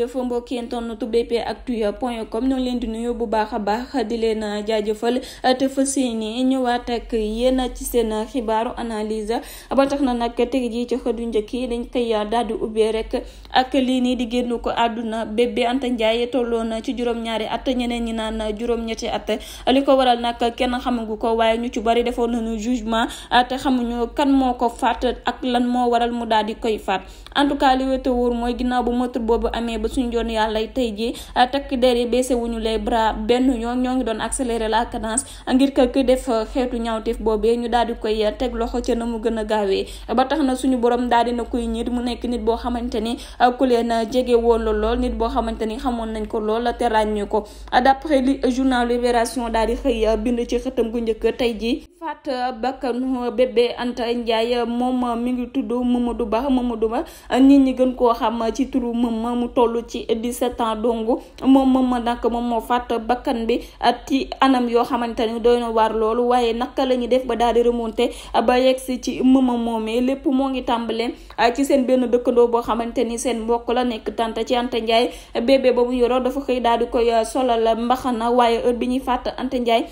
jërëjëf mbokki internet bpactu.com ñoo ngi leen di nuyu baax a baax di leen jaajëfal te fas yéene ñëwaat ak yéen ci seen xibaaru analyse ba tax na nag teg ji ci xëdu njëkk yi dañ koy daal di ubbee rek ak lii nii di génn ko àdduna bébé Anta Ndiaye tolloon ci juróom-ñaari at ñeneen ñi naan juróom-ñetti at li ko waral nak kenn xamagu ko waaye ñu ci bari defoon nañu jugement te xamuñu kan moo ko faat ak lan moo waral mu daal di koy faat en li wéte mooy ginnaaw bu motul boobu amee suñu yoon yàlla tey jii ah, takk der yi baissé wuñu les bras benn yoon ñoo ngi doon accélérer la cadence ngir que ku def ah, xeetu ñaawteef boobee ñu daal di koy ah, teg loxo ca na mu gën a gaawee ba tax na suñu borom daal na kuy ñiit mu nekk nit boo xamante ni ku leen jege woon la lool nit boo xamante ni xamoon nañ ko lool te ràññee ko d'après li journal Libération daal di xëy bind ci xëtam gu njëkk tey jii faat bakkanu bébé Anta Ndiaye moom mi ngi tudd Mamadou Ba Mamadou Ba nit ñi gën koo xam ci turu Mama mu toll ci 17 ans dong moom Mama nag moom moom faat bakkan bi ci anam yoo xamante ni doy na waar loolu waaye naka la ñuy def ba daal di remonté ba yegsi ci Mama moomee lépp moo ngi tàmbalee ci seen benn dëkkandoo boo xamante ni seen mbokk la nekk tante ci Anta Ndiaye bébé ba mu yoroo dafa koy daal di koy solal mbaxana waaye heure bi ñuy faat Anta Ndiaye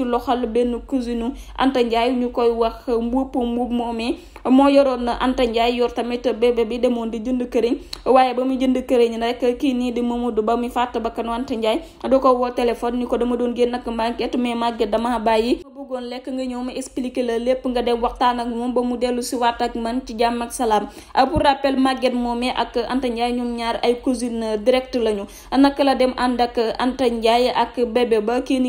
ci loxol benn cousinu Anta Ndiaye ñu koy wax mbuup mbuub moomee moo yoroon Anta Ndiaye yor tamit bébé bi demoon di jënd këriñ waaye ba mu jënd këriñ rek kii nii di Mamadou ba mu fàtt bakkanu Anta Ndiaye da ko woo téléphone ni ko dama doon génn ak màgget mais màgget dama bàyyi bëggoon lekk nga ñëw ma expliquer lépp nga dem waxtaan ak moom ba mu dellu si waat ak man ci jàmm ak salaam pour rappel màgget moomee ak Anta Ndiaye ñaar ay cousine direct lañu naka la dem ànd ak Anta Ndiaye ak bébé ba kii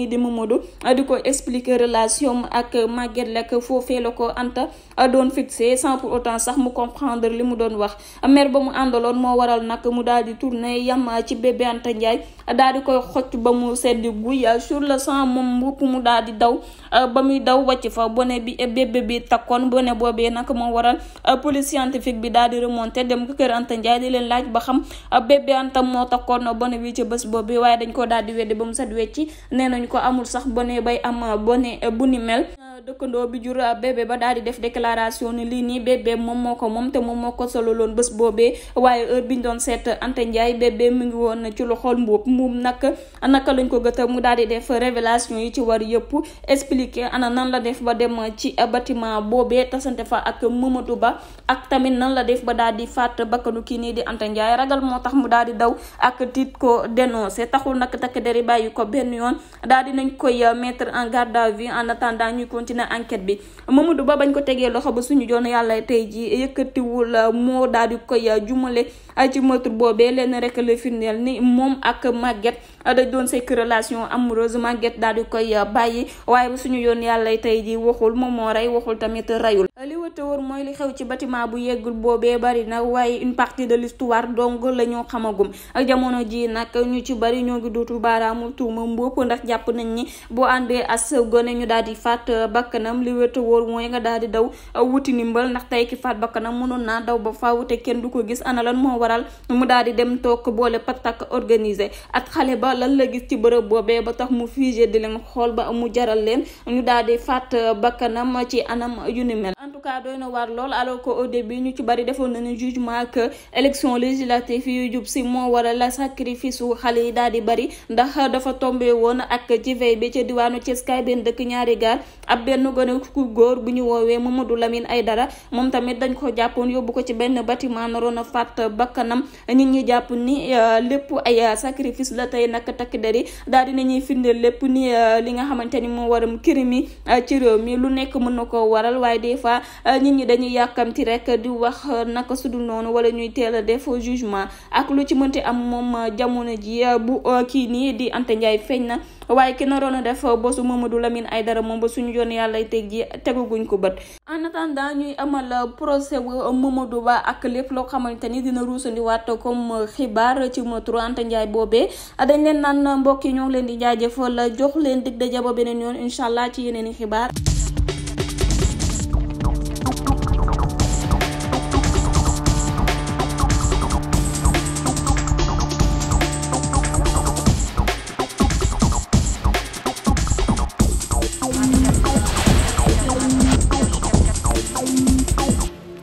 di ko expliquer relation ak Maguette Lekk foofee la ko Anta doon fixé sans pour autant sax mu comprendre li mu doon wax mer ba mu àndaloon moo waral nag mu daal di tourné yam ci bébé Anta Ndiaye daal di koy xocc ba mu sedd guy sur le sang moom mbupp mu daal di daw ba muy daw wàcc fa bone bi bébé bi takkoon bone boobee nag moo waral police scientifique bi daal di remonté dem ko kër Anta Ndiaye di leen laaj ba xam bébé Anta moo takkoon bone bi ci bés boobu waaye dañ ko daal di weddi ba mu set wecci nee nañ ko amul sax bone bay am bone bu ni mel dëkkandoo bi jur bébé ba daal di def déclaration ni lii nii bébé moom moo ko moom te moom moo ko sololoon bés boobee waaye heure bi doon seet Anta Ndiaye mu ngi woon ci loxol mboob moom nag naka lañ ko gëta mu daal di def révélation yi ci war yëpp expliquer ana nan la def ba dem ci bâtiment boobee tasante fa ak Mamadou Ba ak tamit nan la def ba daal di faat bakkanu ki nii di Anta Ndiaye ragal moo tax mu daal di daw ak tiit ko dénoncé taxul nag takk deri bàyyi ko benn yoon daal di koy mettre en garde à vue na enquête bi Mamadou Ba bañ ko tegee loxo ba suñu joon yàlla tey ji yëkkatiwul euh, moo daal di koy euh, jumale euh, ci meurtre boobee leen rek la firndeel ni moom ak Maguette a doon sekk relation amoureuse Maguette daal di koy bàyyi waaye ba suñu yoon yàlla tey ji waxul moom moo rey waxul tamit reyul te wóor mooy lu xew ci bâtiment bu yeggul boobee bari na waaye une partie de l'histoire donc la ñu xamagum ak jamono ji nag ñu ci bari ñoo ngi dootul baaraamu tuuma mbópp ndax jàpp nañ ni boo àndee as gone ñu daal di faat bakkanam li wér te wóor mooy nga daal di daw wuti ndimbal ndax tey ki faat bakkanam mënoon naa daw ba faaw te kenn du ko gis ana lan moo waral mu daal di dem toog boole takk organisé ak xale ba lan la gis ci bërëb boobee ba tax mu figé di leen xool ba mu jaral leen ñu daal di faat bakkanam ci anam yu tout cas doy na waar lool alors que au début ñu ci bari defoon nañu jugement que élection législative yu jub moo waral sacrifice wu xale yi daal di bari ndax dafa tombe woon ak ci veille bi ca diwaanu ci kaay benn dëkk ñaari gaar ab benn gone ku góor bu ñu woowee lamin ay dara moom tamit dañ ko jàppoon yóbbu ko ci benn batiment naroon a fàtt bakkanam nit ñi jàpp ni euh, lépp ay euh, sacrifice la tey nag takk der daal di nañuy firndeel lépp ni euh, li nga xamante ni moo waram crime ci réew mi lu nekk mën na koo waral waaye Euh, nit ñi dañuy yàkkamti rek di wax euh, naka sudul noonu wala ñuy teel a def jugement ak lu ci mënti am moom euh, jamono ji bu kii nii di Anta Ndiaye feeñ na waaye ki naroon a def bosu Mamadou Lamine Aydara moom ba suñu yoon yàlla teg ji ko bët en ñuy amal procès wu Mamadou Ba ak lépp loo xamante ni dina ruusandiwaat comme xibaar ci motro Anta Ndiaye boobee dañ leen naan mbokk ñoo leen di la jox leen dig daje ba beneen yoon incha allah ci yeneen i xibaar